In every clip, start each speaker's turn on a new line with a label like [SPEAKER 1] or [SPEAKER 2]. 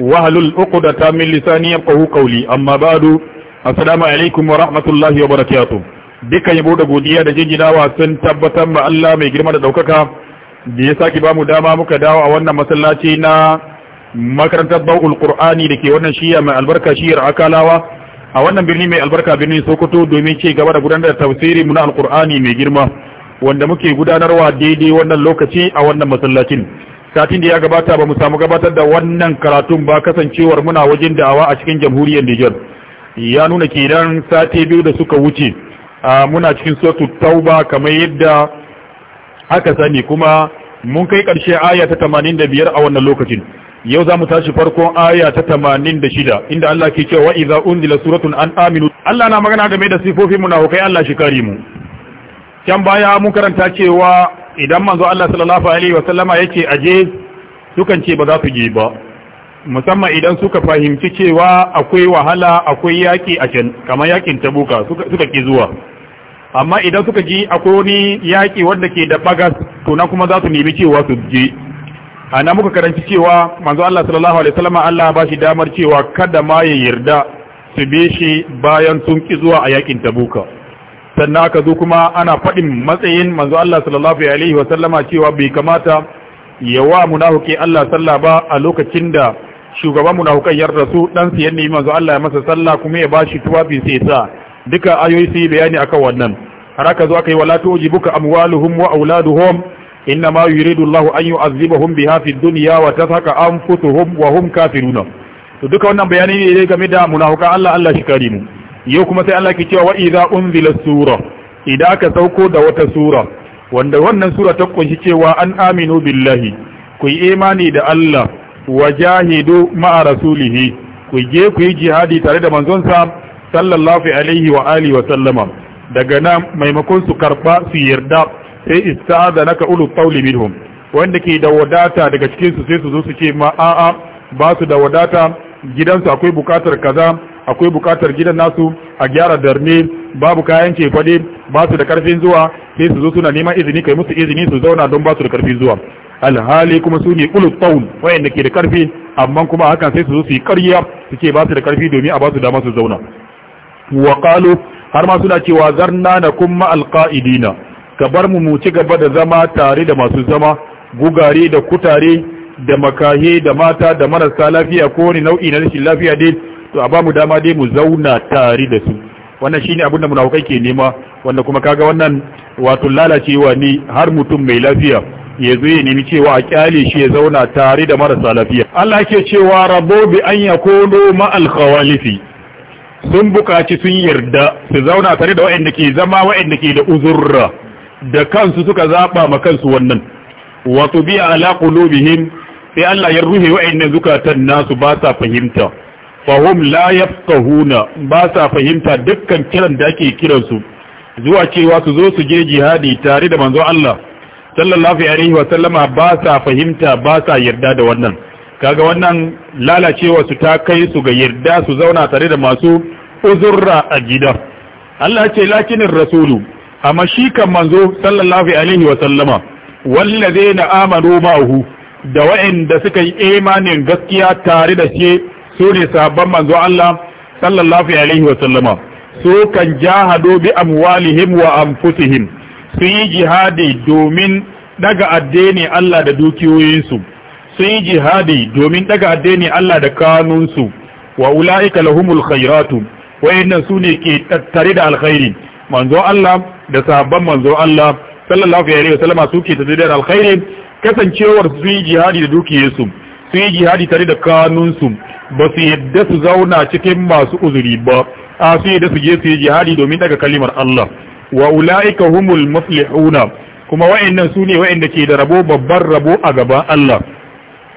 [SPEAKER 1] wahalul uqdata min lisani yafqahu qawli amma ba'du assalamu alaikum wa rahmatullahi wa barakatuh dukan yabo da godiya da wa sun tabbatar ma Allah mai girma da ɗaukaka' da ya saki bamu dama muka dawo a wannan masallaci na makarantar Bawul Qur'ani dake wannan shiya mai albarka shiyar Akalawa a wannan birni mai albarka birnin Sokoto domin ci gaba da gudanar da tafsiri mu na Alqur'ani mai girma wanda muke gudanarwa daidai wannan lokaci a wannan masallacin satin da ya gabata ba mu samu gabatar da wannan karatun ba kasancewar muna wajen da'awa a cikin jamhuriyar Nijar ya nuna idan sati biyu da suka wuce muna cikin suratu tauba kamar yadda aka sani kuma mun kai karshe aya ta 85 a wannan lokacin yau za mu tashi farkon aya ta 86 inda Allah ke cewa idza unzila suratun an aminu Allah na magana game da sifofin munafikai Allah shi kare mu can baya mun karanta cewa idan manzo Allah sallallahu alaihi wa sallama yake aje sukan ce ba za su je ba musamman idan suka fahimci cewa akwai wahala akwai yaki a can kamar yakin tabuka suka ki zuwa amma idan suka ji akwai wani yaki wanda ke da bagas to na kuma za su nemi cewa su je ana muka karanci cewa manzo Allah sallallahu alaihi wasallam Allah ba shi damar cewa kada ma ya yarda su bi shi bayan sun ki zuwa a yakin tabuka sannan aka zo kuma ana faɗin matsayin manzo Allah sallallahu alaihi wa sallama cewa bai kamata ya wa munafiki Allah sallah ba a lokacin da shugaban munafikan ya rasu dan siyan ne manzo Allah ya masa sallah kuma ya bashi tuwafi sai sa duka ayoyi sai bayani akan wannan har aka zo aka yi wala tujibuka amwaluhum wa auladuhum إنما يريد الله أن يعذبهم بها في الدنيا وتذهب أنفسهم وهم كافرون to duka wannan bayani ne game da munafikan Allah Allah shi kare mu yau kuma sai Allah ke cewa wa idza unzila sura idan aka sauko da wata sura wanda wannan sura ta kunshi cewa an aminu billahi ku yi imani da Allah wa jahidu ma'a rasulihi ku je ku yi jihadi tare da manzonsa sallallahu alaihi wa alihi wa sallama daga nan maimakon su karba su yarda sai ista'ada naka ulu qawli minhum wanda ke da wadata daga cikin su sai su zo su ce ma a'a ba su da wadata gidansu akwai bukatar kaza akwai bukatar gidan nasu a gyara darne babu kayan cefade ba su da karfin zuwa sai su zo suna neman izini kai musu izini su zauna don ba su da karfin zuwa alhali kuma su ne ulut taun wayanda ke da karfi amma kuma hakan sai su zo su yi karya su ce ba su da karfi domin a ba su dama su zauna wa qalu har ma suna cewa zarna na kuma alka'idina ka bar mu mu ci gaba da zama tare da masu zama gugare da kutare da makahe da mata da marasa lafiya ko wani nau'i na rashin lafiya dai to a bamu dama dai mu zauna tare da su wannan shine abin da munafukai ke nema wanda kuma kaga wannan wato lalacewa ne har mutum mai lafiya ya zo ya nemi cewa a kyale shi ya zauna tare da marasa lafiya Allah ke cewa rabo bi an yakunu ma al khawalifi sun bukaci sun yarda su zauna tare da wa'anda ke zama waanda ke da uzurra da kansu suka zaba ma kansu wannan wato bi ala qulubihim sai Allah ya ruhe wa'annan zukatan nasu ba sa fahimta fahum la yafqahuna ba sa fahimta dukkan kiran da ake kiran su zuwa cewa su zo su je jihadi tare da manzo Allah sallallahu alaihi wa sallama ba sa fahimta ba sa yarda da wannan kaga wannan lalacewa su ta kai su ga yarda su zauna tare da masu uzurra a gida Allah ce lakinin rasulu amma shi kan manzo sallallahu alaihi wa sallama wallazina amanu ma'ahu da wa'inda suka yi imanin gaskiya tare da shi su ne sabon manzo Allah sallallahu alaihi wa sallama su kan jahado bi amwalihim wa anfusihim su yi jihadi domin daga addini Allah da dukiyoyinsu su yi jihadi domin daga addini Allah da kanunsu wa ula'ika lahumul khairatu wayannan su ne ke tattare da alkhairi manzo Allah da sabon manzo Allah sallallahu alaihi wa sallama su ke tattare da alkhairi kasancewar su yi jihadi da dukiyarsu su yi jihadi tare da kanunsu ba su yadda su zauna cikin masu uzuri ba a su yadda su je su yi jihadi domin daga kalimar Allah wa ula'ika humul muflihuna kuma wa'annan su ne wa'anda ke da rabo babban rabo a gaban Allah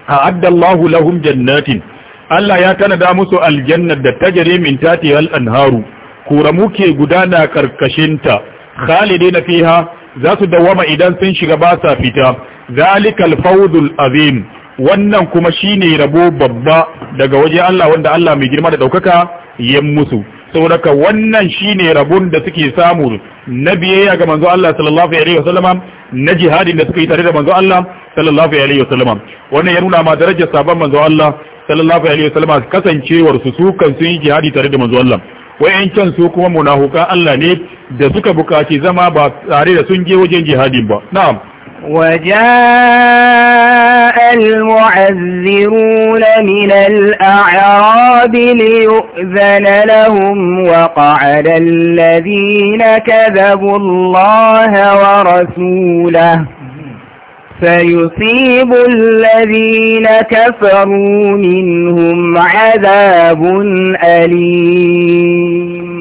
[SPEAKER 1] a Allahu lahum jannatin Allah ya tanada musu aljannar da tajare min tatiha anharu kuramu ke gudana karkashinta khalidina fiha za su dawama idan sun shiga ba sa fita zalikal fawdul azim wannan kuma shine rabo babba daga waje Allah wanda Allah mai girma da daukaka yan musu saboda wannan shine rabon da suke samu na biyayya ga manzo Allah sallallahu alaihi wasallama na jihadin da suke yi tare da manzo Allah sallallahu alaihi wasallama wannan ya nuna ma darajar sabon manzo Allah sallallahu alaihi wasallama kasancewar su su kan sun yi jihadi tare da manzo Allah wayan can su kuma munafuka Allah ne da suka bukaci zama
[SPEAKER 2] ba tare da sun je wajen jihadi ba na'am وجاء المعذرون من الأعراب ليؤذن لهم وقعد الذين كذبوا الله ورسوله فيصيب الذين كفروا منهم عذاب أليم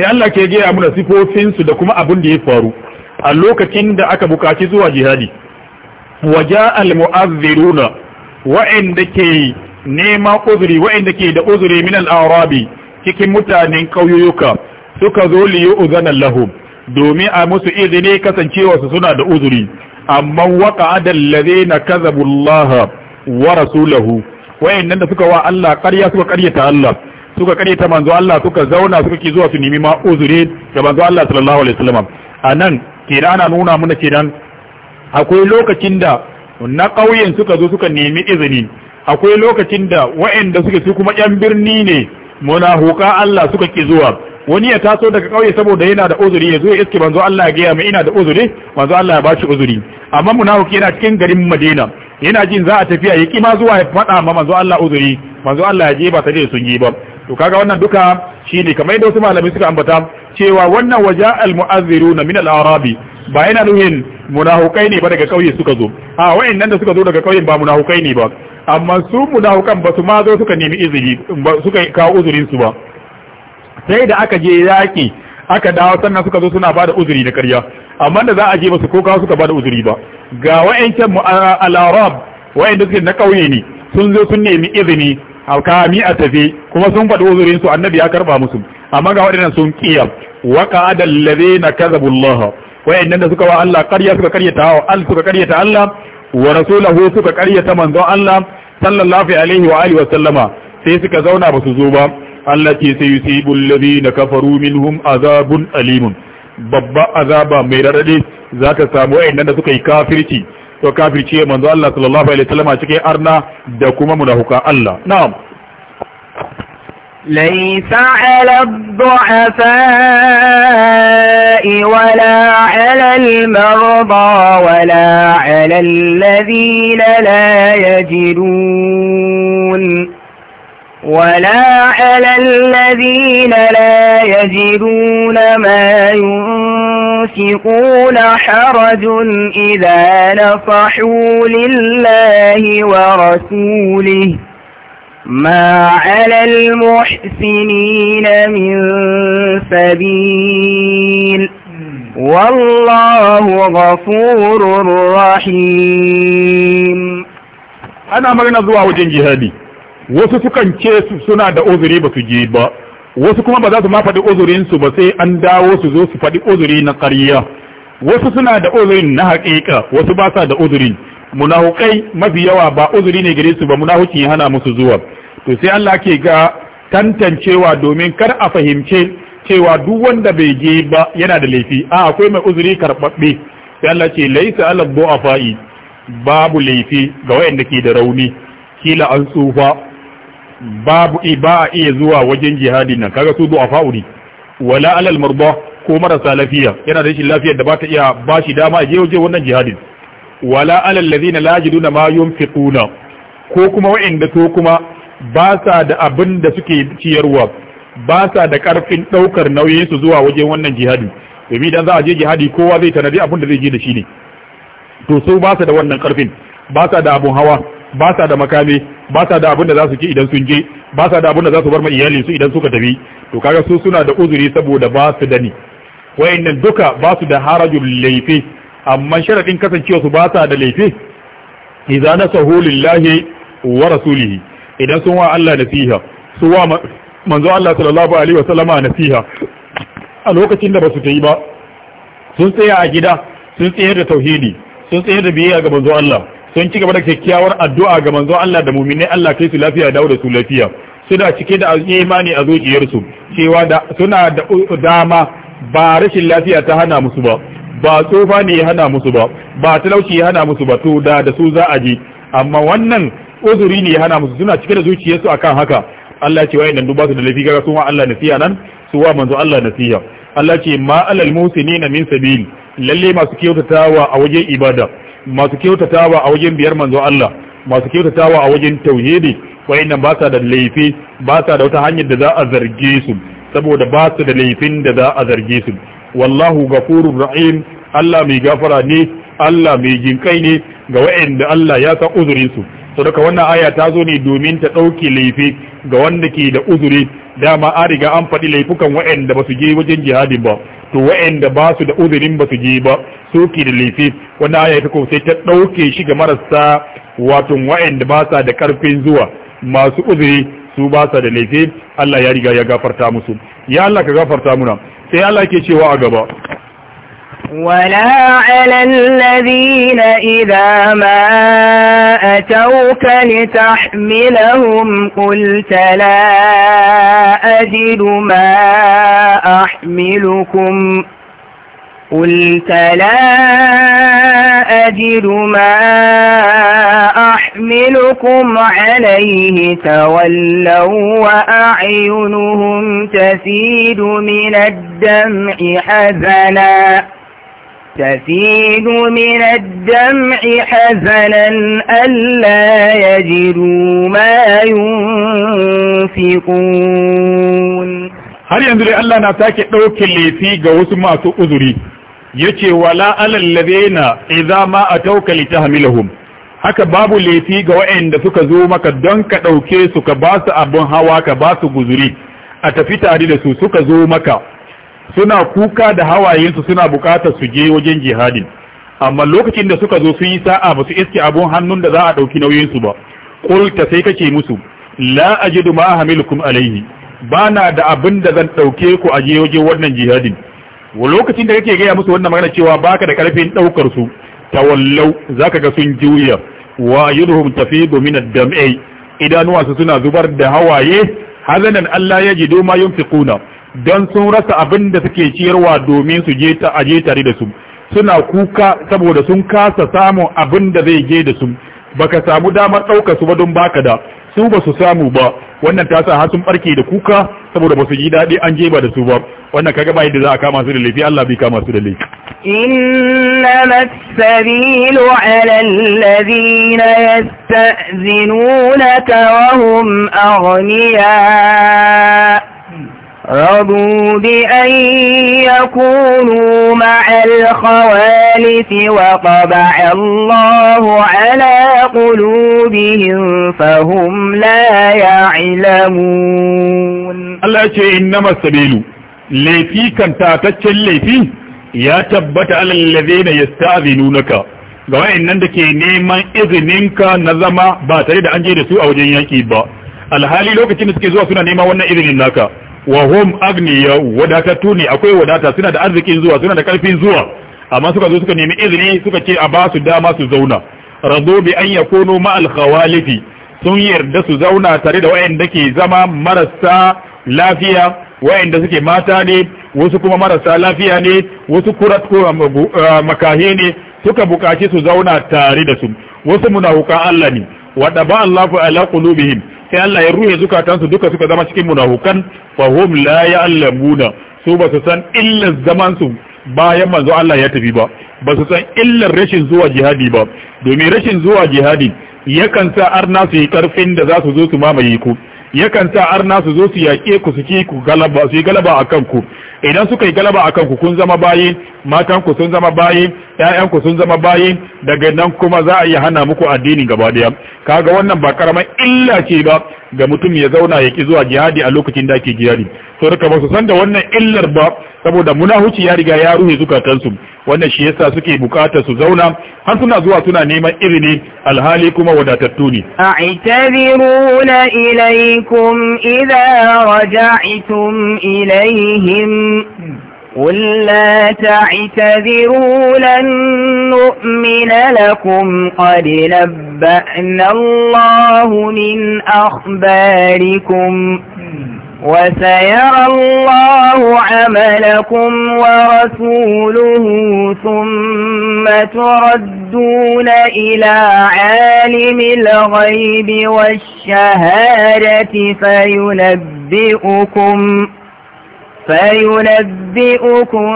[SPEAKER 2] sai Allah ke gaya mana sifofinsu da kuma abin da
[SPEAKER 1] ya faru a lokacin da aka bukaci zuwa jihadi waja almu'azziruna wa'inda ke nema uzuri wa'inda ke da uzuri min al-arabi cikin mutanen kauyuka suka zo li yu'zana lahum domin a musu izini kasancewa su suna da uzuri amma waqa'ada na kazabu Allah wa rasulahu wa'inda suka wa Allah ƙarya suka ƙaryata Allah suka ta manzo Allah suka zauna suka ki zuwa su nemi ma uzure ga manzo Allah sallallahu alaihi wasallam nan, kenan ana nuna muna kenan akwai lokacin da na ƙauyen suka zo suka nemi izini akwai lokacin da waɗanda suke su kuma ƴan birni ne munafuka Allah suka ki zuwa wani ya taso daga ƙauye saboda yana da uzuri ya zo ya iske manzo Allah ya gaya mai ina da uzuri manzo Allah ya bashi uzuri amma munafiki yana cikin garin Madina yana jin za a tafiya ya ki ma zuwa ya faɗa ma manzo Allah uzuri manzo Allah ya je ba tare da sun yi ba to kaga wannan duka shine kamar yadda wasu malamai suka ambata cewa wannan waja na min al-arabi ba yana nuhin munahukai ne ba daga kauye suka zo a wayannan da suka zo daga kauyen ba munahukai ne ba amma su munahukan ba su ma zo suka nemi izini ba suka kawo uzurin su ba sai da aka je yaki aka dawo sannan suka zo suna bada uzuri da ƙarya amma da za a je ba su ko kawo suka ba da uzuri ba ga wayancan al-arab wayanda suke na kauye ne sun zo sun nemi izini kami a tafe kuma sun faɗi uzurin su annabi ya karba musu amma ga waɗannan sun kiya wa qa'ada allazina kazabu Allah wayannan da suka wa Allah ƙarya suka ƙaryata wa al suka ƙaryata Allah wa rasulahu suka ƙaryata manzon Allah sallallahu alaihi wa alihi wa sallama sai suka zauna ba su zo ba Allah ce sai yusibu allazina kafaru minhum azabun alimun babba azaba mai radade zaka samu wayannan da suka yi kafirci to kafirce manzo Allah sallallahu alaihi wasallam cikin arna da kuma munafuka Allah na'am
[SPEAKER 2] ليس على الضعفاء ولا على المرضى ولا على الذين لا يجدون ولا على الذين لا يجدون ما ينفقون المنافقون حرج إذا نصحوا لله ورسوله ما على المحسنين من سبيل والله غفور رحيم
[SPEAKER 1] أنا مرنا زوا وجن جهادي wasu sukan ce suna da uzuri ba wasu kuma ba za su ma faɗi uzurin su ba sai an dawo su zo su faɗi uzuri na ƙarya wasu suna da uzurin na haƙiƙa wasu ba sa da uzurin munahukai mafi yawa ba uzuri ne gare su ba munahuki ya hana musu zuwa to sai Allah ke ga tantancewa domin kar a fahimce cewa duk wanda bai je ba yana da laifi a akwai mai uzuri karɓaɓɓe sai Allah ce laisa ala du'afa'i babu laifi ga wayanda ke da rauni kila an tsufa babu ba a iya zuwa wajen jihadi nan kaga su du'a fa'uri wala alal marda ko marasa lafiya yana da rashin lafiyar da ba ta iya ba shi dama a je waje wannan jihadin wala alal ladina la yajiduna ma yunfiquna ko kuma wa'inda to kuma ba sa da abin da suke ciyarwa ba sa da karfin daukar nauyin su zuwa wajen wannan jihadi domin idan za a je jihadi kowa zai tanadi abin da zai je da shi ne to su ba sa da wannan karfin ba sa da abun hawa ba sa da makami ba sa da abin da za su ki idan sun je ba sa da abin da za su bar ma iyali su idan suka tafi to kaga su suna da uzuri saboda ba su da ni wayannan duka ba su da harajul laifi amma sharadin kasancewa su ba sa da laifi idza nasahu lillahi wa rasulihi idan sun wa Allah nasiha su wa manzo Allah sallallahu alaihi wa sallama nasiha a lokacin da ba su yi ba sun tsaya a gida sun tsayar da tauhidi sun tsayar da biyayya ga manzo Allah sun ci gaba da kyakkyawar addu'a ga manzo Allah da mu'minai Allah kai su lafiya dawo da su lafiya suna cike da imani a zuciyarsu cewa da suna da dama ba rashin lafiya ta hana musu ba ba tsofa ne ya hana musu ba ba talauci ya hana musu ba to da da su za a je amma wannan uzuri ne ya hana musu suna cike da zuciyarsu akan haka Allah ce wa'annan duba su da lafiya, ga su ma Allah nasiya nan su wa manzo Allah nasiya Allah ce ma alal musinina min sabil lalle masu kyautatawa a wajen ibada masu kyautatawa a wajen biyar manzo Allah masu kyautatawa a wajen tauhidi wayannan ba sa da laifi ba sa da wata hanyar da za a zarge su saboda ba su da laifin da za a zarge su wallahu gafurur rahim Allah mai gafara ne Allah mai jinkai ne ga wayanda Allah ya sa uzurin su to daga wannan aya ta zo ne domin ta ɗauke laifi ga wanda ke da uzuri dama an riga an faɗi laifukan wa'anda ba su je wajen jihadin ba to wa'anda ba su da uzurin ba su je ba su ke da laifi wannan aya ta ko sai ta ɗauke shi ga marasa wato wa'anda ba sa da ƙarfin zuwa masu uzuri su ba sa da laifi Allah ya riga ya gafarta musu ya Allah ka gafarta muna sai Allah ke cewa a gaba
[SPEAKER 2] ولا على الذين إذا ما أتوك لتحملهم قلت لا أجد ما أحملكم قلت لا أجد ما أحملكم عليه تولوا وأعينهم تفيد من الدمع حزناً تفيد من الدمع حزنا ألا ji ما ينفقون
[SPEAKER 1] har yanzu dai Allah na sake ɗauke lefi ga wasu masu uzuri yace wala alal ladina idza ma ta litahmiluhum haka babu lefi ga waɗanda suka zo maka don ka ɗauke suka ka ba su abin hawa ka ba su guzuri a tafi tare da su suka zo maka suna kuka da hawayensu suna bukatar su je wajen jihadin amma lokacin da suka zo sun yi sa'a ba su iske abun hannun da za a ɗauki nauyinsu ba ƙulta sai kace musu la ajidu ma hamilukum alaihi bana da abin da zan ɗauke ku a je wajen wannan jihadin lokacin da kake gaya musu wannan magana cewa baka da karfin ɗaukar su tawallau zaka ga sun juya wa yudhum tafidu min ad-dam'i idanuwa su suna zubar da hawaye hazanan Allah ya ji yajidu ma yunfiquna don sun rasa abin da suke ciyarwa domin su je ta aje tare da su suna kuka saboda sun kasa samun abin da zai je da su baka samu damar ɗauka su ba don baka da su ba su samu ba wannan ta sa har sun barke da kuka saboda ba su ji daɗi an je ba da su ba wannan kaga ba yadda za a kama su da laifi Allah bai kama su da laifi
[SPEAKER 2] إنما السبيل على الذين يستأذنونك وهم أغنياء رضوا بأن يكونوا مع الخوالف وطبع الله على قلوبهم فهم لا يعلمون
[SPEAKER 1] الله شيء إنما السبيل ليفي كان تاتش الليفي يتبت على الذين يستاذنونك غوائن عندك نيما إذننك نظم باتريد أنجي رسو أو جنيا كيبا الحالي لوك تنسكي زوا سنة نيما وانا إذننك wa hum agniya wadatattu ne akwai wadata suna da arzikin zuwa suna da karfin zuwa amma suka zo suka nemi izini suka ce a ba su dama su zauna rado bi an yakunu ma al khawalifi sun yarda su zauna tare da wayanda ke zama marasa lafiya wayanda suke mata ne wasu kuma marasa lafiya ne wasu kurat ko uh, uh, makahi ne suka bukaci su zauna tare da su wasu munafuka Allah ne wa daba Allahu ala qulubihim sai Allah ya ruye zukatansu duka suka zama cikin munafukan fa hum la ya'lamuna su ba su san illar zaman su bayan manzo Allah ya tafi ba ba su san illar rashin zuwa jihadi ba domin rashin zuwa jihadi yakan sa arna su yi karfin da za su zo su mamaye ku yakan sa arna su zo su yaƙe ku su ki ku galaba su yi galaba a kanku idan suka yi galaba akan ku kun zama bayi matan ku sun zama bayi ƴaƴan ku sun zama bayi daga nan kuma za a iya hana muku addinin gaba daya kaga wannan ba karamar illa ce ba ga mutum ya zauna ya ki zuwa jihadi a lokacin da ake jihadi to duka ba su san da wannan illar ba saboda munahuci ya riga ya ruhe zukatansu wannan shi yasa suke bukatar su zauna har suna zuwa suna neman irini alhali kuma wadatattu ne
[SPEAKER 2] a'tabiruna ilaykum idha raja'tum ilayhim قل لا تعتذروا لن نؤمن لكم قد نبأنا الله من أخباركم وسيرى الله عملكم ورسوله ثم تردون إلى عالم الغيب والشهادة فينبئكم فينبئكم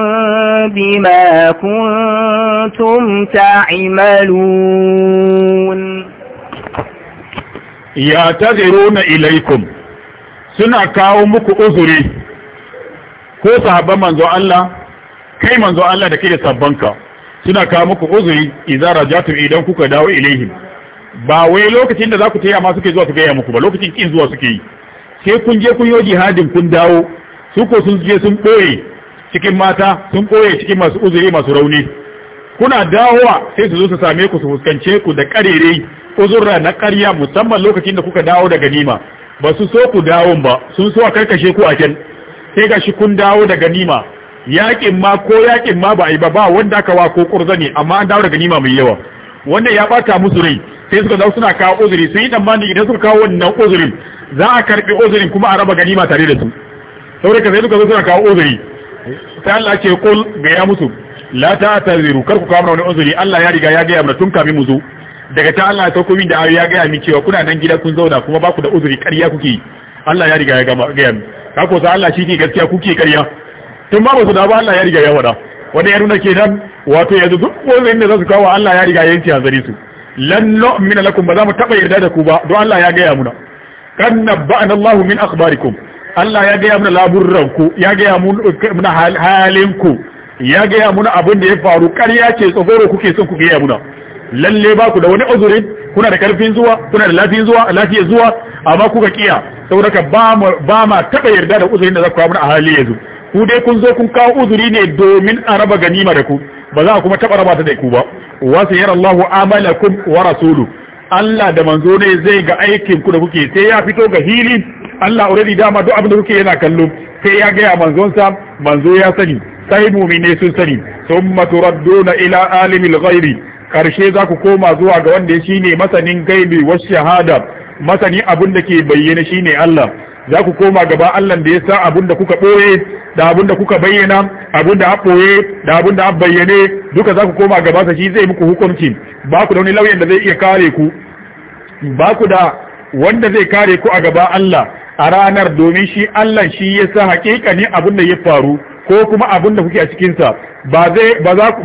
[SPEAKER 2] بما كنتم تعملون
[SPEAKER 1] يعتذرون إليكم
[SPEAKER 2] suna kawo muku
[SPEAKER 1] uzuri ko sahabban manzo Allah kai manzo Allah da kike sabbanka suna kawo muku uzuri idan rajatu idan kuka dawo ilaihim ba wai lokacin da za ku taya ma suke zuwa su gaya muku ba lokacin kin zuwa suke yi sai kun je kun yi jihadin kun dawo su ko sun je sun ɓoye cikin mata sun ɓoye cikin masu uzuri masu rauni kuna dawowa sai su zo su same ku su fuskance ku da karere uzurra na ƙarya musamman lokacin da kuka dawo daga nima ba su so ku dawon ba sun so a karkashe ku a can sai gashi kun dawo da ganima yakin ma ko yakin ma ba a yi ba ba wanda aka wa ko kurza ne amma an dawo da ganima mai yawa wanda ya bata musu rai sai suka zo suna kawo uzuri sun yi tsammani idan suka kawo wannan uzurin za a karbi uzurin kuma a raba ganima tare da su saboda ka sai suka zo suna kawo uzuri sai Allah ce kul ga ya musu la ta'taziru kar ku kawo wani uzuri Allah ya riga ya ga ya tun kafin mu zo daga ta Allah ta komi da ya gaya mi cewa kuna nan gida kun zauna kuma ba ku da uzuri ƙarya kuke Allah ya riga ya gaya mi ka ko sa Allah shi ke gaskiya kuke ƙarya tun ba su da ba Allah ya riga ya wada wanda ya nuna kenan wato yanzu duk wani da za su kawo Allah ya riga ya yanke hanzari su lan nu'mina lakum ba za mu taba yarda da ku ba don Allah ya gaya muna kan nabba'ana Allah min akhbarikum Allah ya gaya muna laburranku ya gaya muna halinku ya gaya muna abin da ya faru ƙarya ce tsogoro kuke son ku gaya muna lalle ba ku da wani uzuri kuna da karfin zuwa kuna da lafiyar zuwa lafiyar zuwa amma kuka kiya saboda ka ba ma ba ma taba yarda da uzurin da za ku kawo a hali yanzu ku dai kun zo kun kawo uzuri ne domin a raba ganima da ku ba za a kuma taba raba ta da ku ba wa sayyarallahu amalakum wa rasulu Allah da manzo ne zai ga aikin ku da kuke sai ya fito ga hili Allah already dama duk abin da kuke yana kallo sai ya gaya manzonsa manzo ya sani sai mu'mini sun sani thumma turadduna ila alimil ghaibi Karshe za ku koma zuwa ga wanda shi ne masanin gaibi wa shahada masani abin da ke bayyana shi ne Allah za ku koma gaba Allah da ya sa abin da kuka ɓoye da abin da kuka bayyana abin da a da abin da duka za ku koma gaba sa shi zai muku hukunci ba ku da wani lauyan da zai iya kare ku ba ku da wanda zai kare ku a gaba Allah a ranar domin shi Allah shi ya sa ne abin da ya faru ko kuma abin da kuke a cikinsa ba zai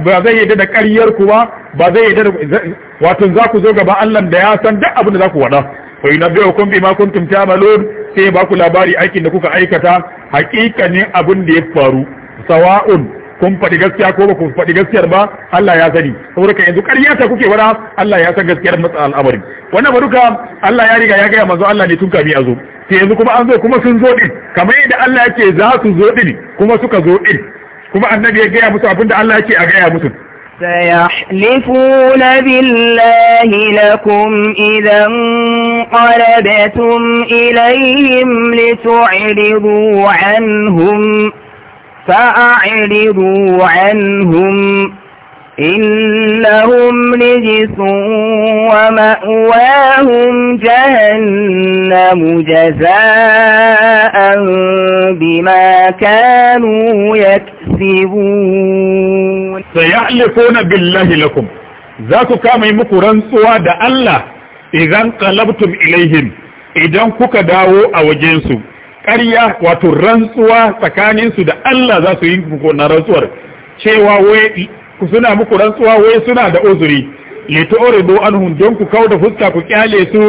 [SPEAKER 1] ba zai yadda da ƙaryar ku ba ba zai yi da wato za ku zo gaba Allah da ya san duk abin da za ku wada fa yunabbi'ukum bima kuntum ta'malun sai ba ku labari aikin da kuka aikata hakikanin abin da ya faru sawa'un kun faɗi gaskiya ko ba ku faɗi gaskiyar ba Allah ya sani saboda yanzu ƙarya ta kuke wada Allah ya san gaskiyar matsa al'amari wannan baruka Allah ya riga ya gaya manzo Allah ne tun kafin a zo sai yanzu kuma an zo kuma sun zo din kamar yadda Allah yake za su zo din kuma suka zo din kuma annabi ya gaya musu abinda Allah yake a gaya musu
[SPEAKER 2] سيحلفون بالله لكم إذا انقلبتم إليهم لتعرضوا عنهم فأعرضوا عنهم إنهم نجس ومأواهم جهنم جزاء بما كانوا يكسبون
[SPEAKER 1] سيعلقون بالله لكم ذاك كام يمكو رنسوا دا الله إذا انقلبتم إليهم إذا كوكا داو أو جنسو قرية wato rantsuwa tsakaninsu دا الله za su yi cewa wai ku suna muku rantsuwa wai suna da uzuri li tu'ridu anhum don ku kauda fuska ku kyale su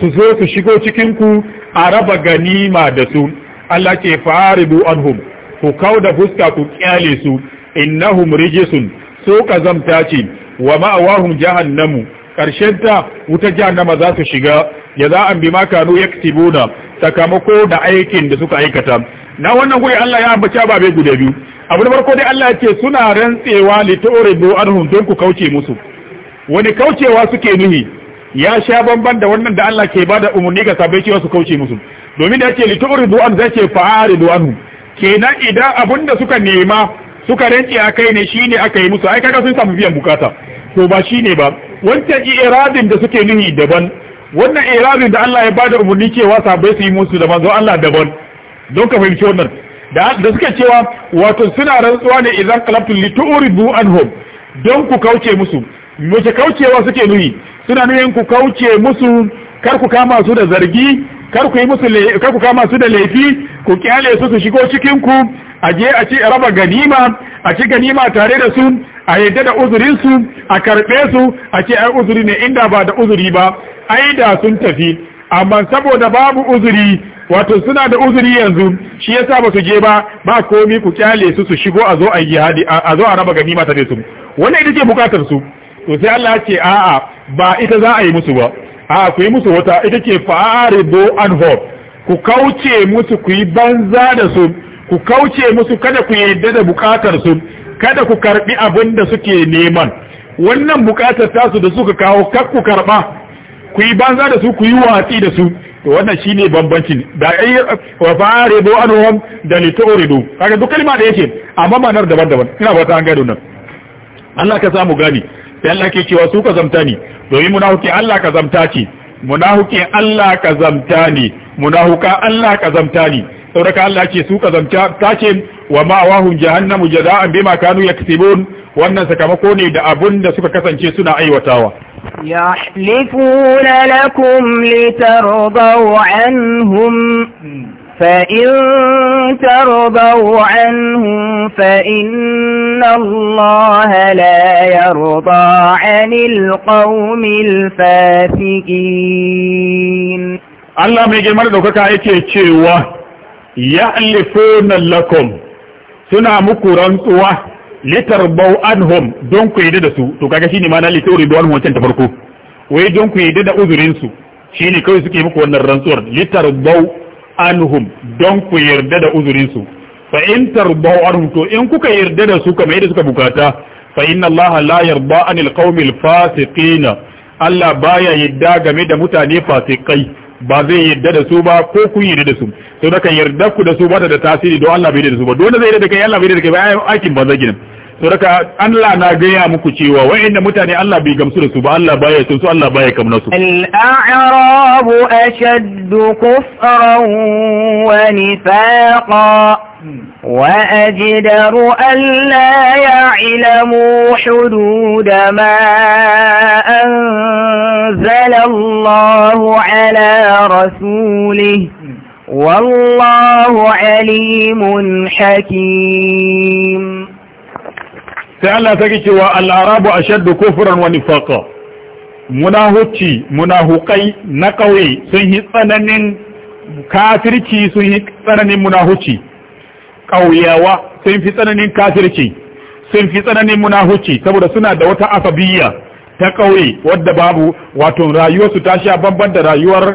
[SPEAKER 1] su zo su shigo cikin ku a raba ganima da su Allah ce faridu anhum ku kauda fuska ku kyale su innahum rijisun su kazamta ce wa ma'awahum jahannamu karshen ta wuta jahannama za su shiga ya za an bi makanu yaktibuna sakamako da aikin da suka aikata na wannan guri Allah ya ambaci ababe guda biyu abu da farko dai Allah ce suna rantsewa lituridu anhum don ku kauce musu wani kaucewa suke nuhi ya sha bamban da wannan da Allah ke bada umarni ga sabai cewa su kauce musu domin da yake lituridu an zai ce fa'aridu anhum kenan idan abun suka nema suka rantse a kai ne shine aka yi musu ai kaga sun samu biyan bukata to ba shine ba wancan iradin da suke nuhi daban wannan iradin da Allah ya bada umarni cewa sabai su yi musu da manzo Allah daban don ka fahimci wannan da suke cewa wato suna rantsuwa ne idan qalabtum an anhum don ku kauce musu mace kaucewa suke nuyi suna nuyin ku kauce musu kar ku kama su da zargi kar ku yi musu kar ku kama su da laifi ku kyale su su shigo cikin ku a je a ci raba ganima a ci ganima tare da su a yadda da uzurin su a karbe su a ce ai uzuri ne inda ba da uzuri ba ai da sun tafi amma saboda babu uzuri wato suna da uzuri yanzu shi yasa ba su je ba ba komi ku kyale su su shigo a zo a hadi a zo a raba ganima ta su wannan ita ce bukatar su to sai Allah ya ce a'a ba ita za a yi musu ba a ku yi musu wata ita ce farido anhum ku kauce musu ku yi banza da su ku kauce musu kada ku yarda da bukatar su kada ku karbi abin da suke neman wannan bukatar tasu da suka kawo kar ku karba ku yi banza da su ku yi watsi da su to wannan shine bambancin da ai wa faridu anhum da lituridu kaga duk kalma da yake amma ma'anar daban-daban ina ba ta an gado nan Allah ka samu gani sai Allah ke cewa su ka zamta ni domin munafiki Allah ka zamta ce munafiki Allah ka zamta ni munafuka Allah ka zamta ni sauraka Allah ce su ka zamta ta ce wa ma'awahum jahannamu jaza'an bima kanu yaksibun wannan sakamako ne da abun da suka kasance suna aiwatawa
[SPEAKER 2] يحلفون لكم لترضوا عنهم فإن ترضوا عنهم فإن الله لا يرضى عن القوم الفاسقين
[SPEAKER 1] الله mai girma da ɗaukaka yake cewa ya lakum litar litarbau anhum don ku yadda da su to kaga shine ma na litawri da wancan ta farko wai don ku yadda da uzurin su shine kawai suke muku wannan rantsuwar litar litarbau anhum don ku yarda da uzurin su fa in tarbau anhum to in kuka yarda da su kamar yadda suka bukata fa inna Allah la yarda anil qaumil fasiqin Allah baya yadda game da mutane fasikai ba zai yarda da su ba ko kun yarda da su to da kan yarda ku da su ba da tasiri don Allah bai yarda da su ba dole zai yarda da kai Allah bai yarda da kai ba aikin ba zai gina. to raka Allah na gaya muku cewa wa'inda mutane Allah bai gamsu da su ba Allah baya sun su Allah baya kamna su
[SPEAKER 2] al-a'rabu ashaddu kufran wa nifaqa wa ajdaru an la ya'lamu hudud ma anzala Allahu ala rasulihi والله عليم حكيم sai Allah ki
[SPEAKER 1] cewa al'arabu a shaddu kufuran wani faƙa munahuci munahukai na ƙauye sun yi tsananin kafirci sun yi tsananin munahuci ƙauyawa sun fi tsananin kafirci sun fi tsananin munahuci saboda suna da wata asabiyya ta ƙauye wadda babu wato rayuwarsu ta sha bamban da rayuwar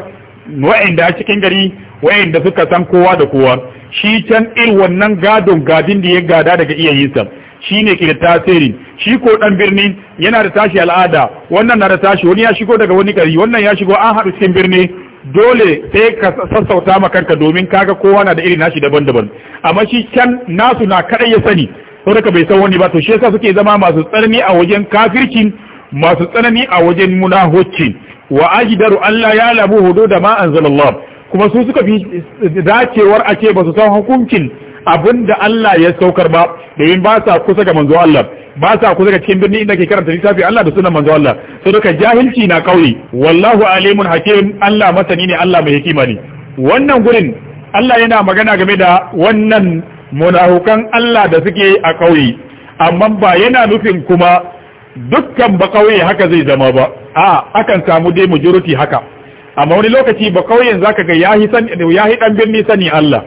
[SPEAKER 1] wa'inda cikin gari wa'inda suka san kowa da kowa shi can il wannan gadon gadin da ya gada daga iyayensa shi ne ke da tasiri shi ko dan birni yana da tashi al'ada wannan na da tashi wani ya shigo daga wani gari wannan ya shigo an haɗu cikin birni dole sai ka sassauta ma kanka domin kaga kowa na da iri nashi daban-daban amma shi can nasu na kaɗai ya sani sau daga bai san wani ba to shi yasa suke zama masu tsanani a wajen kafircin masu tsanani a wajen munahocin wa ajidaru Allah ya labu hudu da ma anzalallah kuma su suka fi dacewar a ce ba su san hukuncin abin da Allah ya saukar ba domin ba sa kusa ga manzo Allah ba sa kusa ga cikin birni inda ke karanta littafi Allah da sunan manzo Allah sai duka jahilci na kauli wallahu alimun hakim Allah masani ne Allah mai hikima ne wannan gurin Allah yana magana game da wannan munafukan Allah da suke a kauye amma ba yana nufin kuma dukkan ba kauye haka zai zama ba a akan samu dai majority haka amma wani lokaci ba kauyen zaka ga yahi san yahi dan birni sani Allah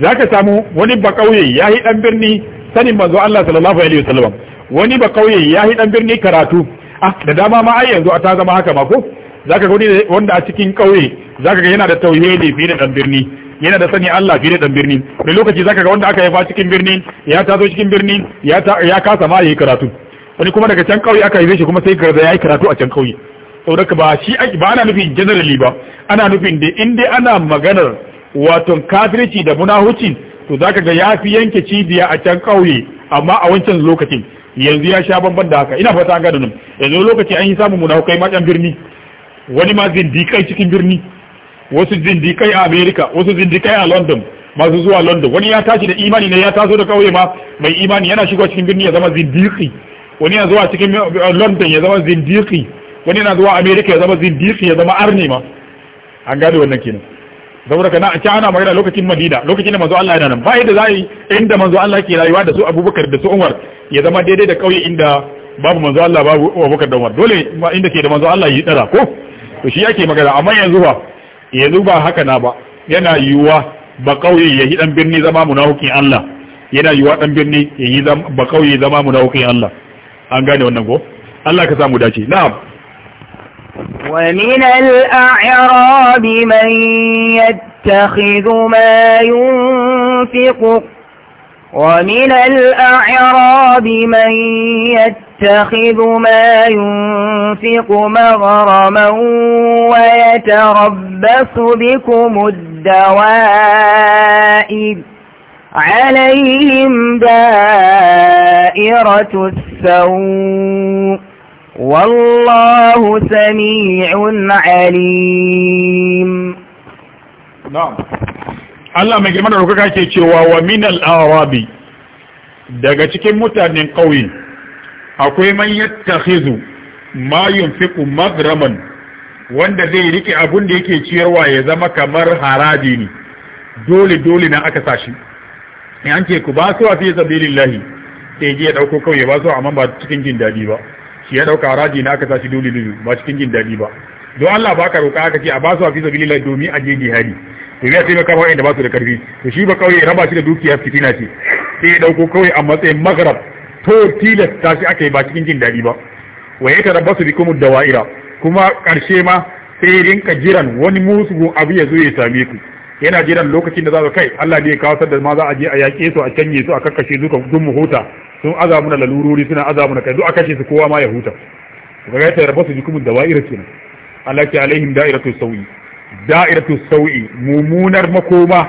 [SPEAKER 1] za ka samu wani ba ƙauye ya yi ɗan birni sanin manzo Allah sallallahu alaihi wasallam wani ba ƙauye ya yi ɗan birni karatu ah da dama ma ai yanzu a ta zama haka ma ko za ka gani wanda a cikin ƙauye za ga yana da tauhidi fi da ɗan birni yana da sani Allah fi da ɗan birni da lokaci za ga wanda aka haifa cikin birni ya taso cikin birni ya kasa ma yi karatu wani kuma daga can kauye aka haife shi kuma sai garza ya yi karatu a can ƙauye saboda ba shi ba ana nufin generally ba ana nufin da in dai ana maganar wato kafirci da munahuci to zaka ga ya fi yanke cibiya a can kauye amma a wancan lokacin yanzu ya sha bamban da haka ina fata an nan yanzu lokaci an yi samun munahukai ma can birni wani ma zindikai cikin birni wasu zindikai a America wasu zindikai a London masu zuwa London wani ya tashi da imani ne ya taso da kauye ma mai imani yana shigo cikin birni ya zama zindiki wani yana zuwa cikin eh, London ya zama zindiki wani yana zuwa America ya zama zindiki ya zama arne ma an gane wannan kenan saboda kana a can ana magana lokacin Madina lokacin da manzo Allah yana nan ba yadda za yi inda manzo Allah ke rayuwa da su Abubakar da su Umar ya zama daidai da kauye inda babu manzo Allah babu Abubakar da Umar dole ma inda ke da manzo Allah yi dara ko to shi yake magana amma yanzu ba yanzu ba haka na ba yana yiwuwa ba kauye ya yi dan birni zama munafikin Allah yana yiwuwa dan birni ya yi ba kauye zama munafikin Allah an gane wannan ko Allah ka samu dace na'am
[SPEAKER 2] ومن الأعراب من يتخذ ما ينفق ومن الأعراب من يتخذ ما ينفق مغرما ويتربص بكم الدوائر عليهم دائرة السوء والله والله سميع عليم نعم
[SPEAKER 1] Allah mai girma da rukaka ke cewa wa minal arabi daga cikin mutanen ƙauye akwai man yattakhizu ma yunfiqu wanda zai rike abun da yake ciyarwa ya zama kamar haraji ne dole dole na aka sa shi. an ce ku ba su a fi sabilillahi sai ya dauko kawai ba su amma ba cikin jin dadi ba shi ya dauka haraji na aka tashi dole dole ba cikin jin dadi ba don Allah baka roka aka ce a ba su fisa bilila domin a je jihadi to ya sai maka wa'anda ba su da karfi to shi ba kauye raba shi da dukiya fitina ce sai ya dauko kauye a matsayin magarab to tilasta shi aka yi ba cikin jin dadi ba wa ya tarabbasu da dawa'ira kuma karshe ma sai rinka jiran wani musugun abu ya zo ya same ku yana jiran lokacin da za su kai Allah ne ya kawo da ma za a je a yaƙe su a canye su a kakkashe su ka dun mu huta sun aza muna lalurori suna aza na kai duk a kashe su kowa ma ya huta ga ga ta ji jikumin da kenan Allah ke alaihim da'iratu sau'i da'iratu sau'i mumunar makoma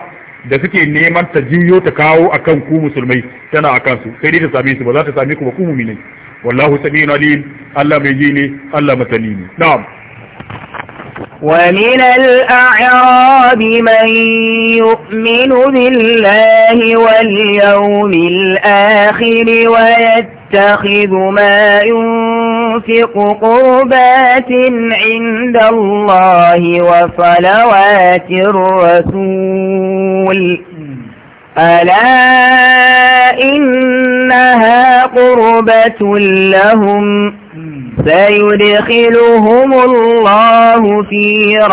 [SPEAKER 1] da suke neman ta jiyo ta kawo akan ku musulmai tana akan su sai dai ta same su ba za ta same ku ba ku mu'minai wallahu sami'un alim Allah mai ji ne Allah masani ne na'am
[SPEAKER 2] ومن الأعراب من يؤمن بالله واليوم الآخر ويتخذ ما ينفق قربات عند الله وصلوات الرسول ألا إنها قربة لهم سيدخلهم الله في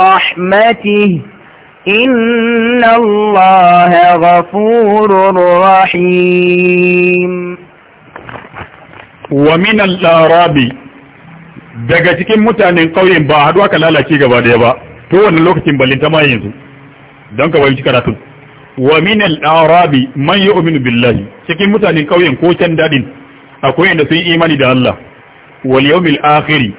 [SPEAKER 2] رحمته إن الله غفور رحيم ومن
[SPEAKER 1] الأعراب daga cikin mutanen ƙauyen ba haɗuwa ka lalace gaba ɗaya ba to wannan lokacin ballinta ma yanzu don ka wayi karatun wa min al-arabi man yu'minu billahi cikin mutanen ƙauyen ko can dadin akwai inda sun imani da Allah wal yawmil akhir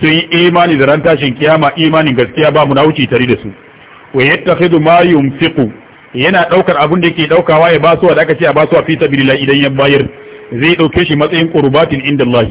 [SPEAKER 1] sun yi imani da ran tashin kiyama imanin gaskiya ba wuce tare da su wa yattakhidhu ma yunfiqu yana daukar abin da yake daukawa ya basuwa da aka ce a basuwa fi sabilillah idan ya bayar zai dauke shi matsayin qurbatin inda Allah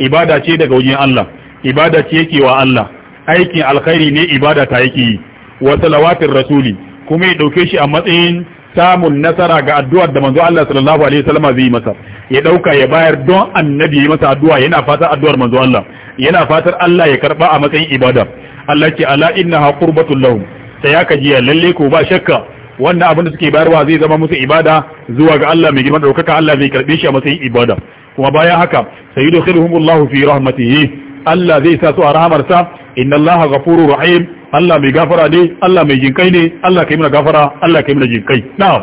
[SPEAKER 1] ibada ce daga wajen Allah ibada ce yake wa Allah aikin alkhairi ne ibada ta yake yi wa salawatir rasuli kuma ya dauke shi a matsayin samun nasara ga addu'ar da manzo Allah sallallahu alaihi wasallam zai masa ya dauka ya bayar don annabi ya masa addu'a yana fatar addu'ar manzo Allah yana fatar Allah ya karba a matsayin ibada Allah ce ala innaha qurbatul lahum sai ya kaji lalle ko ba shakka wannan abin da suke bayarwa zai zama musu ibada zuwa ga Allah mai girman daukaka Allah zai karbe shi a matsayin ibada kuma bayan haka sayyidu khiruhumullahu fi rahmatihi Allah zai sa su a rahamarsa inna Allah ghafurur rahim Allah mai gafara ne Allah mai jinkai ne Allah kai mana gafara Allah kai mana jinkai na'am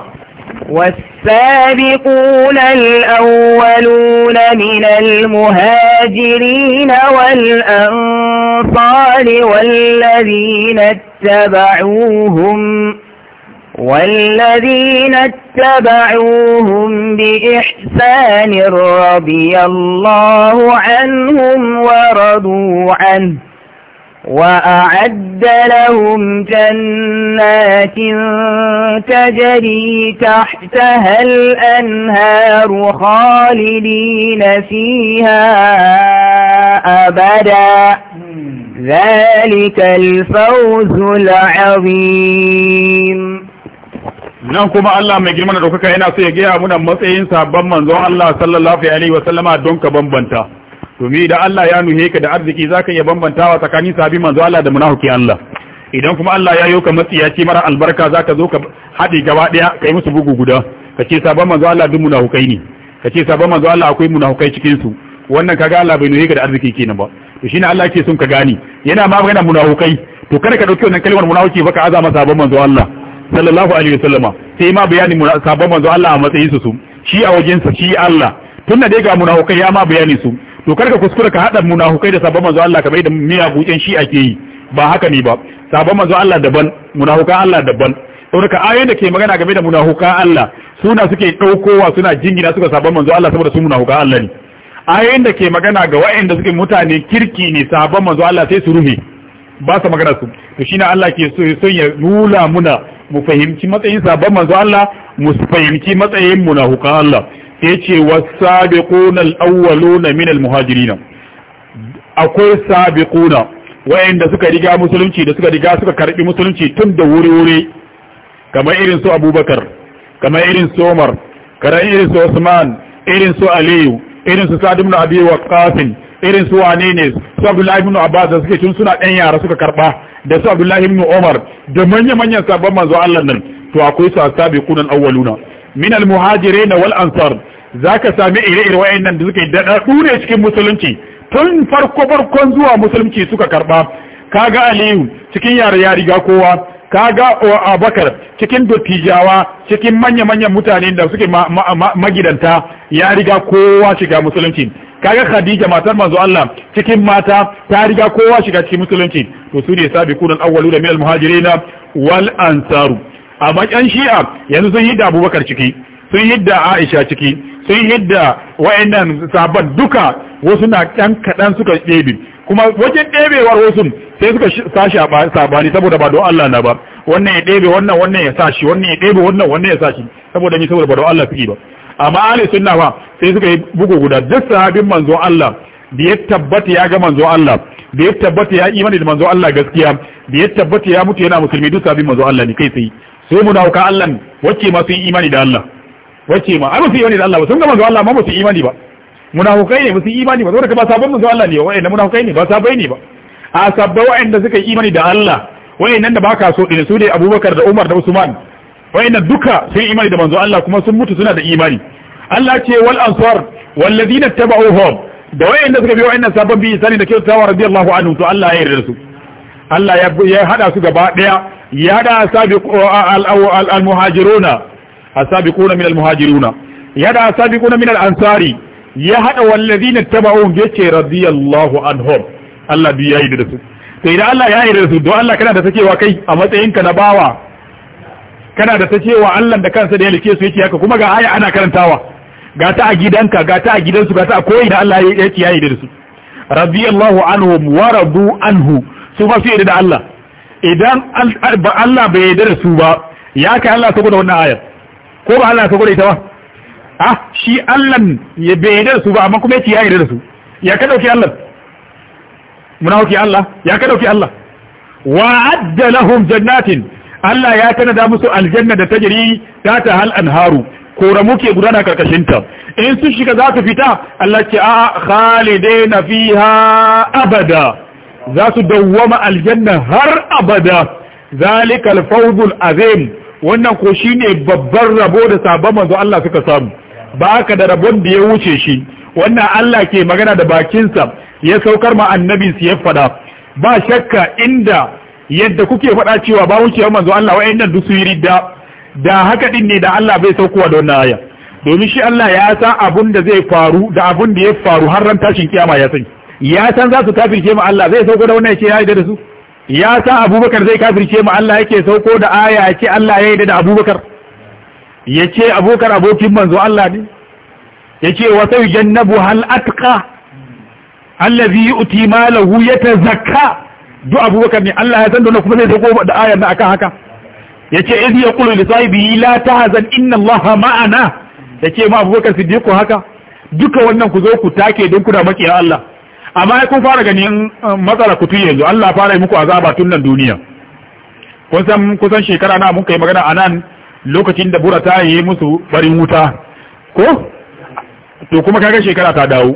[SPEAKER 2] والسابقون الأولون من المهاجرين والأنصار والذين اتبعوهم والذين اتبعوهم بإحسان رضي الله عنهم ورضوا عنه وأعد لهم جنات تجري تحتها الأنهار خالدين فيها أبدا ذلك الفوز العظيم nan kuma Allah mai girma da ɗaukaka
[SPEAKER 1] yana so ya gaya muna matsayin sabon manzon Allah sallallahu alaihi wasallama don ka bambanta to mi da Allah ya nuhe ka da arziki zaka iya bambantawa tsakanin sabi manzo Allah da munafiki Allah idan kuma Allah ya yi ka matsiya ce mara albarka zaka zo ka haɗe gaba ɗaya kai musu bugu guda ka ce sabon manzo Allah duk munafukai ne ka ce sabon manzo Allah akwai munafukai cikin su wannan kaga Allah bai nuhe ka da arziki kenan ba to shine Allah yake son ka gane yana ma magana munafukai to kada ka dauki wannan kalmar munafiki ba ka azama sabon manzo Allah sallallahu alaihi wasallama sai ma bayani sabon manzo Allah a matsayin su shi a wajen sa shi Allah tunda dai ga munafukai ya ma bayani su to karka kuskura ka hada munafukai da sabon manzo Allah kamar da miya buken shi ake yi ba haka ne ba sabon manzo Allah daban munafukan Allah daban saboda ayoyin da ke magana game da munafukan Allah suna suke daukowa suna jingina suka sabon manzo Allah saboda su munafukan Allah ne ayoyin da ke magana ga wa'anda suke mutane kirki ne sabon manzo Allah sai su rufe ba su magana su to shine Allah ke so son ya nula muna mu fahimci matsayin sabon manzo Allah mu fahimci matsayin munafukan Allah yace was-sabiquna al-awwaluna min al-muhajirin akwai sabiquna wayanda suka riga musulunci da suka riga suka karbi musulunci tun da wuri-wuri kamar irin su Abubakar kamar irin su Umar kamar irin su Usman irin su Aliyu irin su Sa'd Abiyu Abi Waqqas irin su wane ne su Abdullahi ibn Abbas da suke tun suna ɗan yara suka karba da su Abdullahi ibn Umar da manya-manyan sabon manzo Allah nan to akwai su sabiquna al-awwaluna min al na wal ansar zaka sami ire-ire wayannan da yi daɗa ne cikin musulunci tun farko farkon zuwa musulunci suka karɓa kaga aliyu cikin yare ya riga kowa kaga abakar cikin dottijawa cikin manya-manyan mutane da suke magidanta ya riga kowa shiga musulunci kaga khadija matar manzo Allah cikin mata ta riga kowa shiga cikin musulunci to su ne sabiqun al-awwaluna min al wal ansaru amma ƴan shi'a yanzu sun hidda abubakar ciki sun hidda aisha ciki sun hidda wa'annan sabon duka wasu na ɗan kaɗan suka ɗebe kuma wajen ɗebewar wasu sai suka sashi a sabani saboda ba don Allah na ba wannan ya ɗebe wannan wannan ya sashi wannan ya ɗebe wannan wannan ya sashi saboda ni saboda ba don Allah suke ba amma ahli sunna fa sai suka yi bugu guda duk sahabin manzon Allah da ya tabbata ya ga manzon Allah da ya tabbata ya imani da manzon Allah gaskiya da ya tabbata ya mutu yana musulmi duk sahabin manzon Allah ne kai sai sai mu dauka Allah wacce ma sun imani da Allah wacce ma A ba su imani da Allah ba sun ga manzo Allah ma ba su imani ba munafukai ne ba su imani ba saboda ba sabon manzo Allah ne wa'anda munafukai ne ba sabai ne ba a sabba wa'anda suka yi imani da Allah wa'annan da baka so din su ne Abubakar da Umar da Usman wa'annan duka sun imani da manzo Allah kuma sun mutu suna da imani Allah ce wal ansar ladina tabauhum da wa'anda suka bi wa'annan sabon bi sani da kyautawa radiyallahu anhu to Allah ya yarda su Allah ya hada su gaba daya ya da al-muhajiruna asabiquna min al-muhajiruna ya da asabiquna min al-ansari ya hada wallazina tabauhum yace radiyallahu anhum Allah bi yayi da su to idan Allah ya yi da su don Allah kana da takewa kai a matsayinka na bawa kana da takewa Allah da kansa da ya lake su yake haka kuma ga aya ana karantawa ga ta a gidanka ga ta a gidansu ga ta a koyi da Allah ya yi da su radiyallahu anhum wa radu anhu su fa su da Allah idan Allah bai yarda su ba ya kai Allah sako da wannan ayar ko ba Allah sako da ita ba ah shi Allah ya bai yarda su ba amma kuma yace ya yarda su ya ka dauki Allah munafiki Allah ya ka dauki Allah wa'adda lahum jannatin Allah ya tanada musu aljanna da tajri ta ta hal anharu kora ke gudana karkashin ta in su shiga za su fita Allah ce a khalidina fiha abada za su dawwama aljanna har abada zalikal fawzul azim wannan ko shine babbar rabo da sabon manzo Allah suka samu ba ka da rabon da ya wuce shi wannan Allah ke magana da bakinsa ya saukar ma annabin su ya fada ba shakka inda yadda kuke faɗa cewa ba wucewar manzo Allah wa'annan duk su yi ridda da haka din ne da Allah bai saukowa da wannan aya domin shi Allah ya san abun da zai faru da abun da ya faru har ran tashin kiyama ya sani ya san za su kafirce mu Allah zai sauko da wannan ya ce ya da su ya san abubakar zai kafirce mu Allah yake sauko da aya ya ce Allah ya yarda da abubakar ya ce abokar abokin manzo Allah ne ya ce wata yi jannabu hal'atka allazi uti malahu ya ta zakka duk abubakar ne Allah ya san da kuma zai sauko da ayar na akan haka ya ce izi ya kulu lissabi la ta hazan inna Allah ma'ana ya ce ma abubakar siddiqu haka duka wannan ku zo ku take don kuna maƙiya Allah amma kun fara ganin eh, matsala kutu yanzu Allah fara yi muku azaba tun nan duniya kun san kusan shekara na muka yi magana a nan lokacin da bura ta yi musu barin wuta ko to kuma kaga shekara ta dawo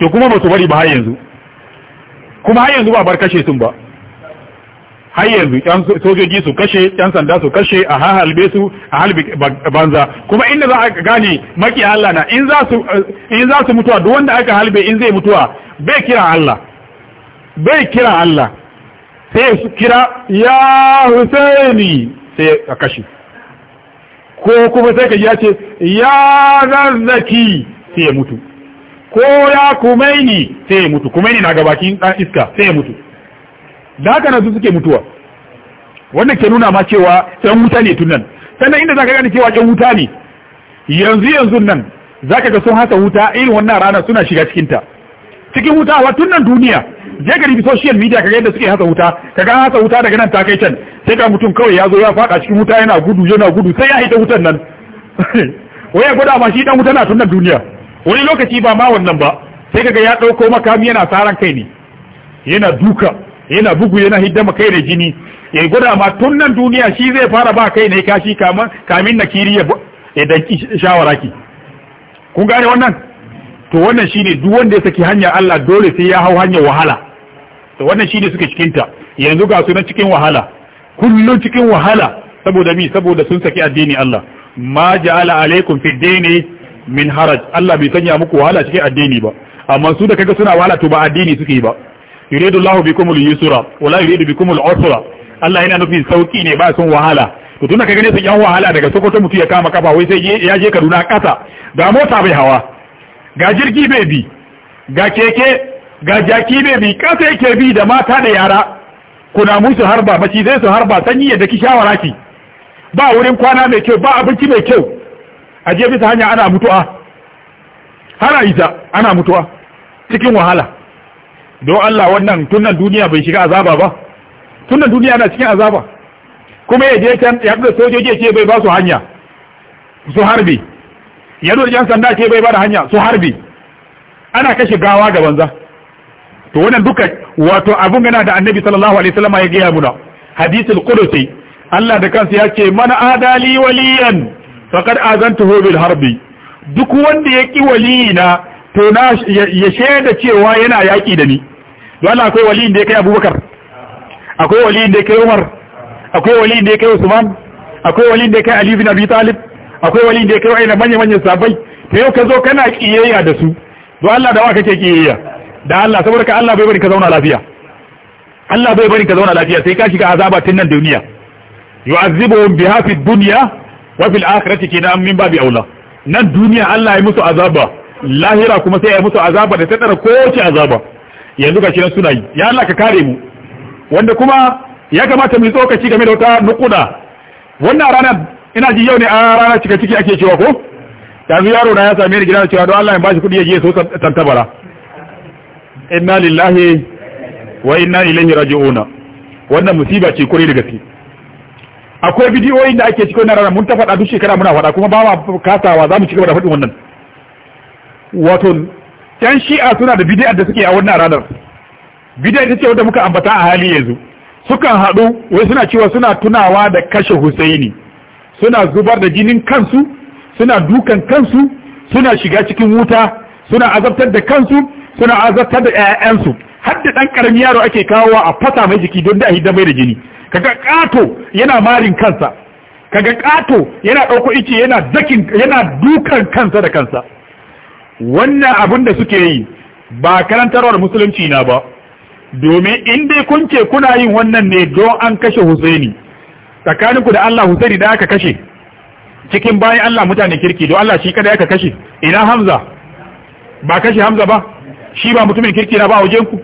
[SPEAKER 1] to kuma ba su bari ba har yanzu kuma har yanzu ba bar kashe sun ba har yanzu yan sojoji su kashe yan sanda su kashe a halbe su a halbe banza kuma inda za a gane maki Allah na in za su in za su mutuwa duk wanda aka halbe in zai mutuwa bai kira Allah bai kira Allah sai su kira ya Husaini sai a kashe ko kuma sai ka ya ce ya zazzaki sai ya mutu ko ya kumaini sai ya mutu kumaini na gabakin dan iska sai ya mutu da haka suke mutuwa wannan ke nuna ma cewa ɗan wuta ne tun nan sannan inda za ka gani cewa ɗan wuta ne yanzu yanzu nan zaka ga sun hasa wuta irin wannan rana suna shiga cikin ta cikin wuta wa tun nan duniya je gari bi social media kaga yadda suke hasa wuta kaga hasa wuta daga nan ta kai can sai ga mutum kawai ya zo ya faɗa cikin wuta yana gudu yana gudu sai ya haita wutan nan wai ya gwada ma shi dan wuta na tun nan duniya wani lokaci ba ma wannan ba sai kaga ya ɗauko makami yana saran kai ne yana duka yana bugu yana hiddama kai da jini ya gwada ma tun nan duniya shi zai fara ba kai ne kashi kamin na kiri ya danki shawara ki kun gane wannan to wannan shine duk wanda ya saki hanya Allah dole sai ya hau hanya wahala to wannan shine suke cikin ta yanzu ga su cikin wahala kullun cikin wahala saboda mi saboda sun saki addini Allah ma ja'ala alaikum fi dini min haraj Allah bai sanya muku wahala cikin addini ba amma su da kaga suna wahala to ba addini suke ba yuridu Allahu bikum yusra wala yuridu bikum usra Allah yana nufin sauki ne ba sun wahala to tunda ka ne su yan wahala daga Sokoto mutu ya kama kafa wai sai ya je Kaduna kasa ga mota bai hawa ga jirgi bai bi ga keke ga jaki bai bi kasa yake bi da mata da yara kuna musu harba baci zai su harba sanyi yadda ki shawara ki ba wurin kwana mai kyau ba abinci mai kyau a je bisa hanya ana mutuwa har a isa ana mutuwa cikin wahala don Allah wannan tunan duniya bai shiga azaba ba tunan duniya na cikin azaba kuma ya je can ya da sojoji ce bai ba su hanya su harbi ya da yan sanda ce bai ba da hanya su harbi ana kashe gawa ga banza to wannan duka wato abun gana da annabi sallallahu alaihi wasallam ya gaya muna hadithul qudsi Allah da kansa ya ce man adali waliyan faqad azantuhu bil harbi duk wanda ya ki waliyina to na ya shaida cewa yana yaki da ni don Allah akwai waliyin da ya kai abubakar akwai waliyin da ya kai umar akwai waliyin da ya kai usman akwai waliyin da ya kai ali bin abi talib akwai waliyin da ya kai wa'ina manya-manyan sabai ta yau ka zo kana kiyayya da su don Allah da wa kake kiyayya da Allah saboda ka Allah bai bari ka zauna lafiya Allah bai bari ka zauna lafiya sai ka shiga azaba tun nan duniya yu'azzibuhum biha fid dunya wa fil akhirati kana min babi aula nan duniya Allah ya musu azaba lahira kuma sai ya musu azaba da ta tsara ce azaba yanzu ga kiran suna yi ya Allah ka kare mu wanda kuma ya kamata mu tsokaci game da wata nukuda wannan rana ina ji yau ne a rana cika ciki ake cewa ko yanzu yaro na ya same ni gidan cewa don Allah ya bashi kudi ya je so tantabara inna lillahi wa inna ilaihi raji'un wannan musiba ce kure da gaske akwai bidiyoyin da ake cikin rana mun ta faɗa duk shekara muna faɗa kuma ba ma kasawa za mu cigaba da faɗin wannan wato yan shi'a suna da bid'a da suke a wannan ranar bid'a ita ce wanda muka ambata a hali yanzu sukan haɗu wai suna cewa suna tunawa da kashe Husaini suna zubar da jinin kansu suna dukan kansu suna shiga cikin wuta suna azabtar da kansu suna azabtar da ƴaƴansu har da ɗan ƙaramin yaro ake kawowa a fasa mai jiki don da a hidda mai da jini kaga ƙato yana marin kansa kaga ƙato yana ɗauko ice yana zakin yana dukan kansa da kansa wannan abin da suke yi ba karantarwar musulunci na ba domin inda kun ce kuna yin wannan ne don an kashe Husaini tsakaninku da Allah Husaini da aka kashe cikin bayan Allah mutane kirki don Allah shi kada aka kashe ina Hamza ba kashe Hamza ba shi ba mutumin kirki na ba a wajenku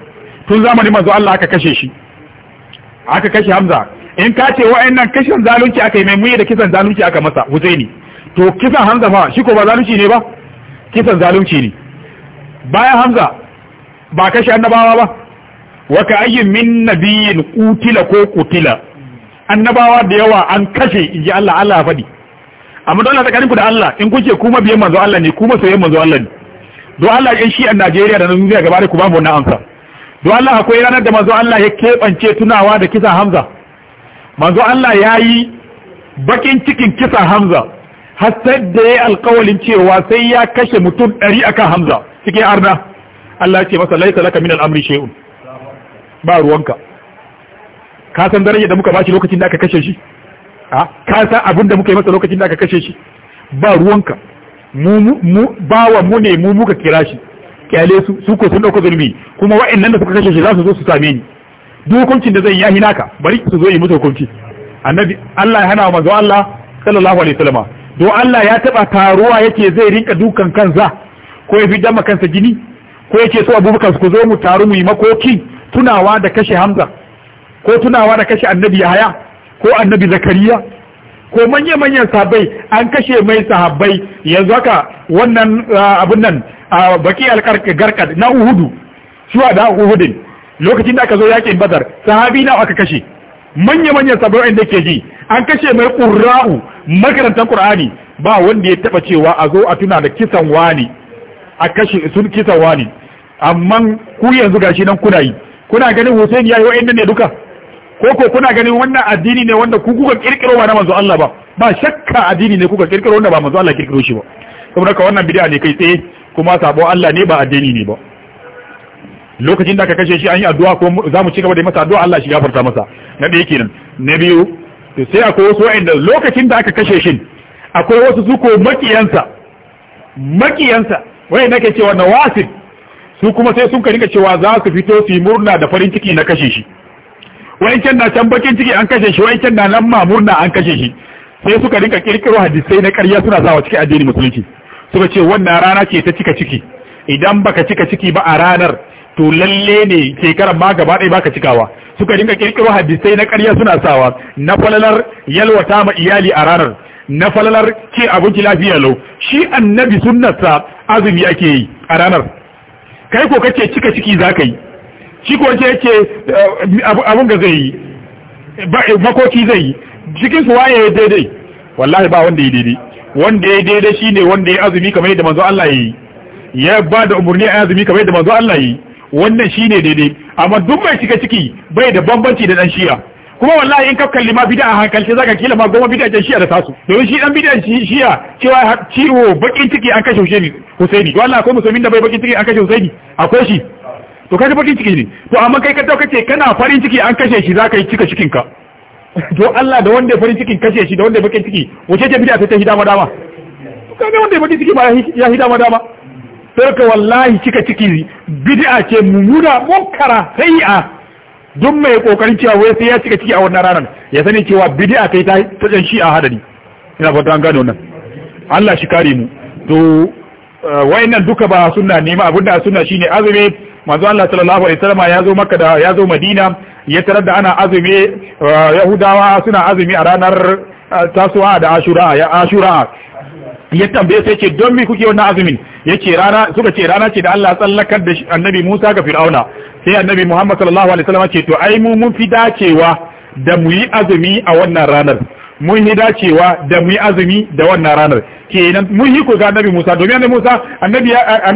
[SPEAKER 1] tun zamanin mazu Allah aka kashe shi aka kashe Hamza in ka ce wa'annan kashin zalunci aka yi mai muye da kisan zalunci aka masa Husaini to kisan Hamza fa shi ko ba zalunci ne ba kisan zalunci ne bayan hamza ba kashe annabawa ba wa ka ayyin min nabiyin kutila ko kutila annabawa da yawa an kashe inji Allah Allah ya amma dole tsakaninku da Allah in kuke kuma biyan manzo Allah ne kuma soyayyen manzo Allah ne don Allah ya shi a Najeriya da nan zuwa gaba da ku ba mu wannan amsa don Allah akwai ranar da manzo Allah ya keɓance tunawa da kisa Hamza manzo Allah ya yi bakin cikin kisa Hamza hasar da ya alkawalin cewa sai ya kashe mutum ɗari akan hamza cikin arna Allah ce masa laisa laka min al'amri shay'un ba ruwanka ka san daraja da muka bashi lokacin da aka kashe shi a ka san abin da muka yi masa lokacin da aka kashe shi ba ruwanka mu mu bawa mu ne mu muka kira shi kyale su su ko sun dauko zulmi kuma wa'annan da suka kashe shi za su zo su same ni duk hukuncin da zan yi ya hinaka, bari su zo yi mutu hukunci annabi Allah ya hana wa manzo Allah sallallahu alaihi wasallam don Allah ya taba taruwa yake zai rinka dukan kansa ko ya fi dama kansa jini ko yake so abubakar ku zo mu taru mu yi makoki tunawa da kashe hamza ko tunawa da kashe annabi yahaya ko annabi zakariya ko manya-manyan sahabbai an kashe mai sahabbai yanzu haka wannan abun nan a baki alkarkar na uhudu shuwa da uhudin lokacin da aka zo yakin badar sahabi na aka kashe manya-manyan sabon da ke ji an kashe mai ƙura'u makarantar ƙura'ani ba wanda ya taɓa cewa a zo a tuna da kisan wani a kashe sun kisan wani amma ku yanzu gashi nan kuna yi kuna ganin Hussein ya yi wa'in ne duka ko ko kuna ganin wannan addini ne wanda ku kuka kirkiro ba na manzo Allah ba ba shakka addini ne kuka kirkiro wanda ba manzo Allah kirkiro shi ba saboda ka wannan bid'a ne kai tsaye kuma sabo Allah ne ba addini ne ba lokacin da aka kashe shi an yi addu'a ko za mu ci gaba da masa addu'a Allah shi gafarta masa na ɗaya kenan na biyu sai akwai wasu lokacin da aka kashe shi akwai wasu su ko makiyansa makiyansa wa'inda ke cewa nawasif su kuma sai sun karinka cewa za su fito su murna da farin ciki na kashe shi wa'incan na can bakin ciki an kashe shi wa'incan na nan ma murna an kashe shi sai suka rinka kirkiro hadisai na ƙarya suna sawa cikin addini musulunci suka ce wannan rana ce ta cika ciki idan baka cika ciki ba a ranar to lalle ne shekarar ma gaba ɗaya baka cikawa suka dinga kirkiro hadisai na ƙarya suna sawa na falalar yalwata ma iyali a ranar na falalar ke abinci lafiya lau shi annabi sunnarsa azumi ake yi a ranar kai ko kace cika ciki za ka yi shi ko ce yake eh, abin ga zai yi eh, makoki zai yi cikin su waye daidai wallahi ba wanda ya daidai wanda ya daidai shine wanda ya azumi kamar yadda manzo Allah ya yi ya ba da umurni a azumi kamar yadda manzo Allah ya yi wannan shine daidai amma duk mai shiga ciki bai da bambanci da dan shi'a kuma wallahi in ka kalli ma bid'a hankalce zaka kila ma goma bid'a dan shi'a da tasu domin shi dan bid'a shi'a cewa ciwo bakin ciki an kashe Husaini Husaini wallahi akwai musulmin da bai bakin ciki an kashe Husaini akwai shi to kaje bakin ciki ne to amma kai ka dauka ce kana farin ciki an kashe shi zaka yi cika cikin ka to Allah da wanda farin cikin kashe shi da wanda bakin ciki wace ce bid'a ta hidama dama kaga wanda bakin ciki ba ya hidama dama sai wallahi cika ciki bid'a ce mummuna munkara sai'a duk mai kokarin cewa wai sai ya cika ciki a wannan ranar ya sani cewa bid'a kai ta tsajan shi a hadari ina fata an gano nan Allah shi kare mu to eh, wayannan duka ba sunna ne ma abinda sunna shine azumi manzo Allah sallallahu alaihi wasallam ya zo Makka da ya zo Madina ya tarar da ana azumi eh, Yahudawa suna azumi a ranar eh, tasuwa da Ashura ya Ashura ya tambaye sai ce don me kuke wannan azumin yace rana suka ce rana ce da Allah tsallakar da annabi Musa ga Fir'auna sai annabi Muhammad sallallahu alaihi wasallam ce to ai mu mun fi dacewa da mu yi azumi a wannan ranar mun yi dacewa da mu yi azumi da wannan ranar kenan mun yi kuka annabi Musa domin annabi Musa annabi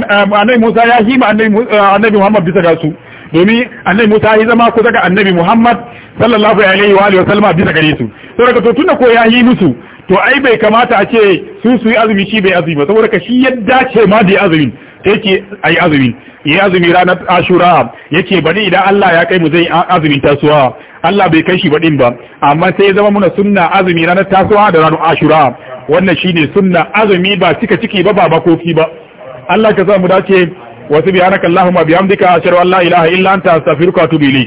[SPEAKER 1] annabi Musa ya hima eh, annabi Muhammad bisa ga su domin annabi Musa ya zama kusa ga annabi Muhammad sallallahu alaihi wa alihi wa sallama bisa gare su to daga to tunda ko ya yi musu to ai bai kamata a ce su su yi azumi shi bai azumi ba saboda ka shi yadda ce ma da ya azumi sai ce a yi azumi ya azumi ranar ashura ya ce bari idan Allah ya kai mu zai azumin tasuwa Allah bai kai shi baɗin ba amma sai ya zama muna sunna azumi ranar tasuwa da ranar ashura wannan shine sunna azumi ba cika ciki ba ba bakoki ba Allah ka sa mu dace wasu bihanaka Allahumma bihamdika ashhadu an la ilaha illa anta astaghfiruka wa atubu